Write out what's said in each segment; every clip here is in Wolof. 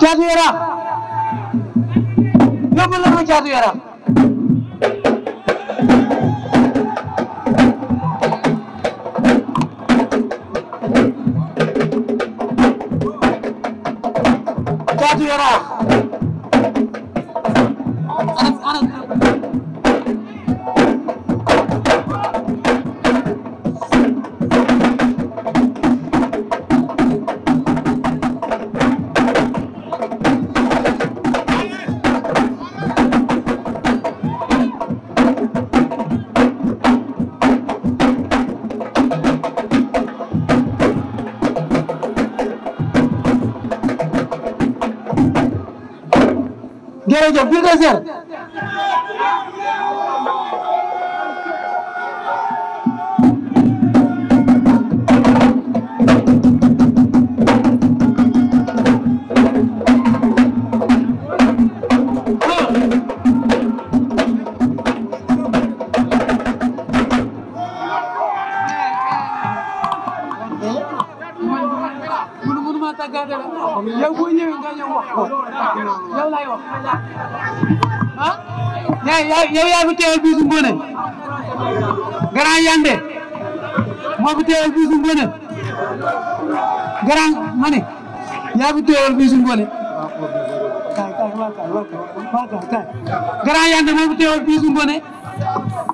caatu yaraax yóbbu la ma caatu yaraax caatu yaraax jërëjëf bi nga seer ko ah yow yaa fi teewal Bijou Ngoné grand Yandé moo fi teewal Bijou Ngoné grand ma ne yaa fi teewal Bijou moo fi teewal Bijou Ngoné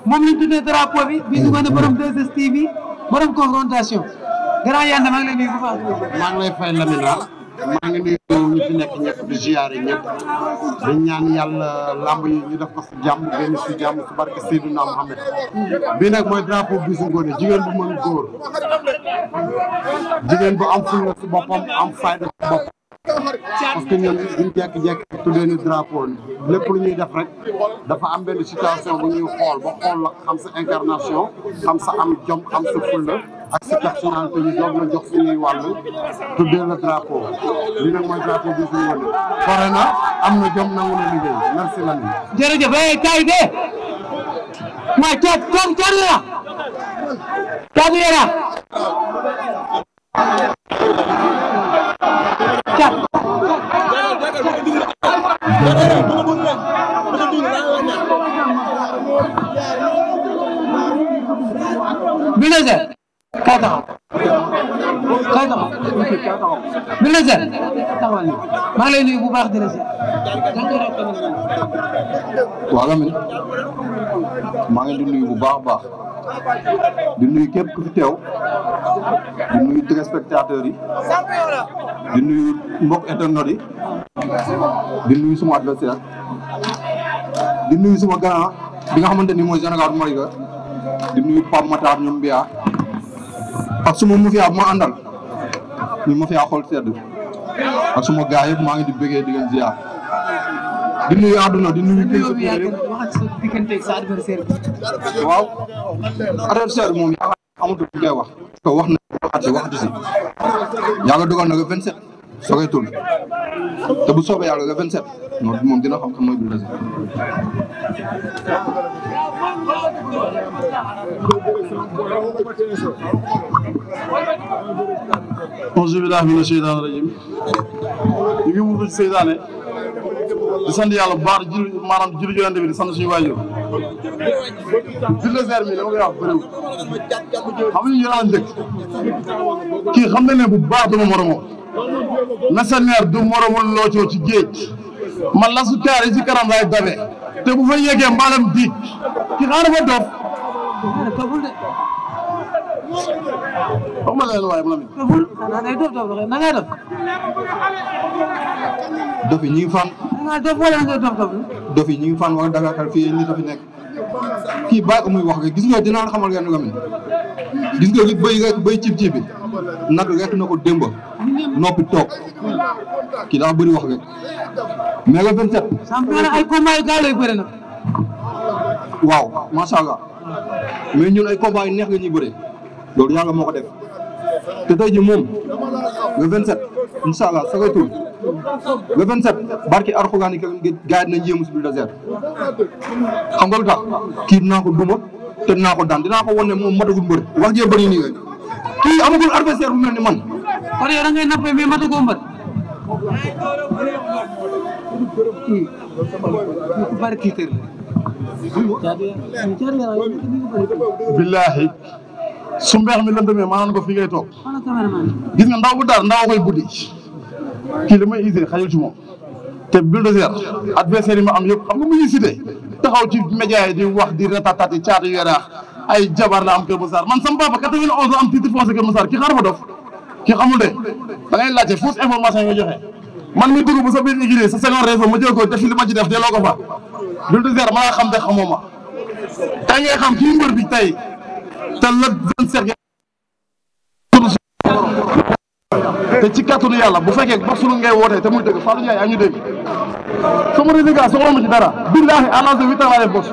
moom lañ bi Bijou Ngoné borom 2STV borom confrontation grand Yandé maa ñi fi nekk ñëpp di ziyaare ñëpp di ñaan yàlla làmb yi ñu def ko si jàmm génn si jàmm si barke Seydina Mohamed bi nag mooy drapeau Bijou Ngoné jigéen bu mën góor jigéen bu am fulla si boppam am fayda si boppam parce que ñun jekk-jekk tuddee ni drapeau lépp lu ñuy def rek dafa am benn situation bu ñuy xool ba xool xam sa incarnation xam sa am jom xam sa fulla acceptation daal te ñu doog la jox suñuy wàll tuddee la drapeau li nag mooy drapeau bi suñu wane pare na am na jom nangu na liggéey merci lan bi jërëjëf eh kay de ma caat toog jari la toog yera caat Bileze. mën na maa ngi lay nuyu bu baax di la seet waaw Lamine maa ngi di nuyu bu baax baax di nuyu képp teew di nuyu téléspectateurs yi di nuyu mbokk internet yi di nuyu suma adversaire di nuyu suma grand bi nga xamante ni mooy Général Malika di nuyu Pape Matar ñoom Biya ak suma mu fi ma àndal ñun ma fi yaa xool sedd ak suma gaa yëpp maa ngi di bëggee di leen ziar di nuyu àdduna di nuyu kilifa bi yëpp waaw adversaire moom yaakaar amatul li wax ko wax na waxati waxati si yàlla dogal na soogay tourné te bu soobee yàlla le 27 non moom dina xam kan mooy Bul Reseau. auzu billaahi mina sheytaani rajiim ñu ngi wutu seytaane di sant yàlla bu baax di julli maanaam julli yonent di sant suñu waajur. Bul Reseau mi dama koy wax bëriwul xam nga ñu yàlla kii xam na ne bu baax dama moromoo. Messenger du moromul loocoo ci géej man la su taari ci kanam lay dabe bu fa yegee mbaalam diig ki xaar fa dof wax ma leen waaye ma ne dof dof na fan dof wala ngi fan wala Dakar fii nit a fi nekk kii bàyyi ko muy wax nga gis nga xamal ngeen nga min gis nga bëy nga bëy cib cib bi nag lekk na ko démb noppi toog kii daa bëri wax rek mais le 27. Sampaara ay combat yu gaaw lay bëri nag. waaw macha allah mais ñun ay combat yu neex la ñuy bëri loolu yàlla moo ko def te tey ji moom le 27 incha allah sa retour le 27 barki Alxuraan yi kër gaa yi dinañ yéemu si Bulldozer xam tax kii dinaa ko te dinaa daan dinaa ko wan ne moom wax jee bëri nii rek kii amagul adversaire bu man. kon yow da ngay nappe mais billahi su mi lëndëmee maa naan ko fi ngay toog gis nga ndaw bu daar ndaw koy buddi kii li may usé xajul ci moom te bulldozer ma am yëpp xam nga mu ngi cité taxaw ci média yi di wax di ratatati caatu yoraax ay jabar la am Kër Massar man sama a quatre-vingt-onze am titre foncier Kër Massar ki xaar fa dof ki xamul de da ngay laajte fausse information yi nga joxe man mi dugg bu sa biir igri sa second réseau ma jël ko def li ma ci def delloo ko fa bul de ma nga xam de xamoo ma tey ngay te la vingt sept te ci kàttanu yàlla bu fekkee ba sunu ngay wootee te muy dëgg Fallou Ndiaye yaa ñu dégg sama résultat soxla ma ci dara billahi à l'âge de huit ans laa def boss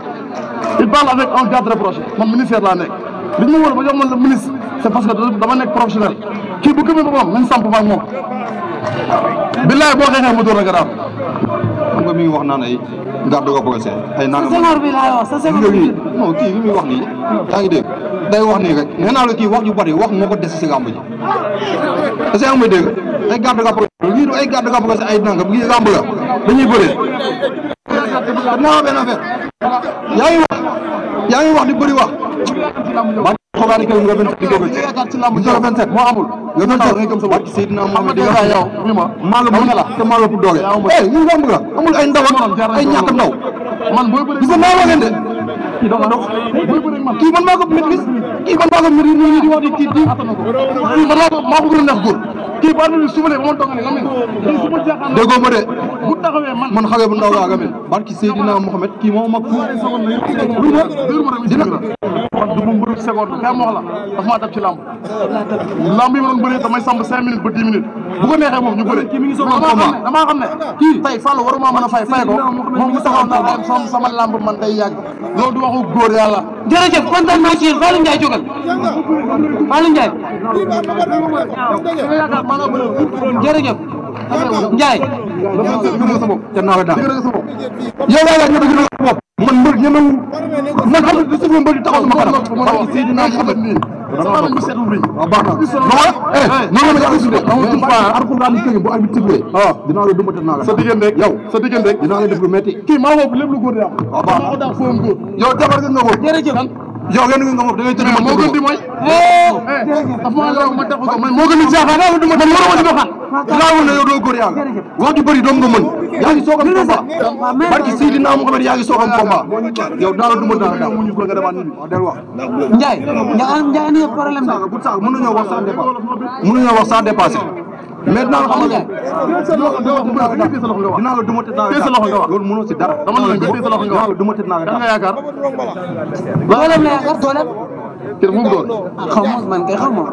il parle avec un garde rapproché man ministère laa nekk li ñu ba jox man ministre c'est parce que dama nekk professionnel kii bu gëmee boppam nañ samp ak moom billaay boo xeexee mu door a garaaf xam wax naan ay garde ko a seet ay naan Senghor bi kii muy wax nii yaa ngi dégg day wax ni rek nee naa la kii wax ju bari wax moo ko des si gàmb ji est-ce que yaa ngi may dégg ay garde ko bëgg lii ay garde ko bëgg ay nangam dañuy bëree naa benn affaire yaa ngi wax yaa ngi wax di bëri wax alxuraan kër nga 27 di góob ci 27 moo amul. nga 27 waaw Seydina Mohamed di nga wax yow maa la mën te maa la ëpp doole. eh ñu romb nga amul ay ndaw ak ay ñàkk ndaw. gis nga naa la leen de. kii da nga dox kii man maa ko maîtrise kii man maa ko maîtrise ñu di wax di kii di kii man maa ko gën a neex góor kii ba àdduna bi suba de ba ma toog nii nga mel. déggoo ma de man xale bu ndaw laa nga mel. barki Seydina Mohamed kii moom mag. dina moom bëri seconde ka wax la daf maa dab ci lamb lamb yi ma doon bëree damay samb cinq minutes ba dix minutes bu ko neexee moom ñu bëree damaa xam ne kii tey Fallou waruma mën a fay fay ko moom mu taxaw a day sama sama lamb man day yàgg loolu du waxu góor yàlla jërëjëf kontaan naa ci yéen Fallou Ndiaye jógal Fallou Ndiaye jërëjëf Ndiaye yow yaa yaa ñu sa man mbër ñemewu man xam nga suñu mbër taxaw sama kanam parce que Seydina Mohamed nii sama mbër setul bi waaw baax na eh non non yaa ngi tuddee xam nga ci fa alquran kay bu arbitre tibé ah dinaa la dumbata naa la sa diggante rek yow sa diggante rek kii maa woo lépp lu di am waaw baax na foo góor yow jabar nga ko yow ngeen nga moom da ngay tëdd ma moo gën di mooy. dafa maa eh, law ma def ko man moo gën di jaaxal man waruma di doxal. laawul na yow doo góor yàlla wax ju bëri doom nga mën yaa ngi soog am combat barki Seydina Muhammad yaa ngi soog am combat yow daal du ma daal daal muñu ko nga demaat nit wax del wax Ndiaye nga am Ndiaye ni problème da bu sax mën nañoo wax sans dépassé mën nañoo wax sans dépassé mais dinaa la xamal loolu. dinaa la duma te dinaa la sa loxo nga wax loolu mënoo si dara. dama ne la nga teg sa loxo nga wax dinaa la duma te dinaa la dara. nga yaakaar. dooleem la yaakaar dooleem. kër moom doole. ah xaw ma man kay xaw ma.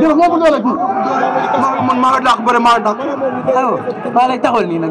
jërëjëf moo ko doole man maa la dàq bëri maa la dàq. aywa maa lay taxawal nii nag.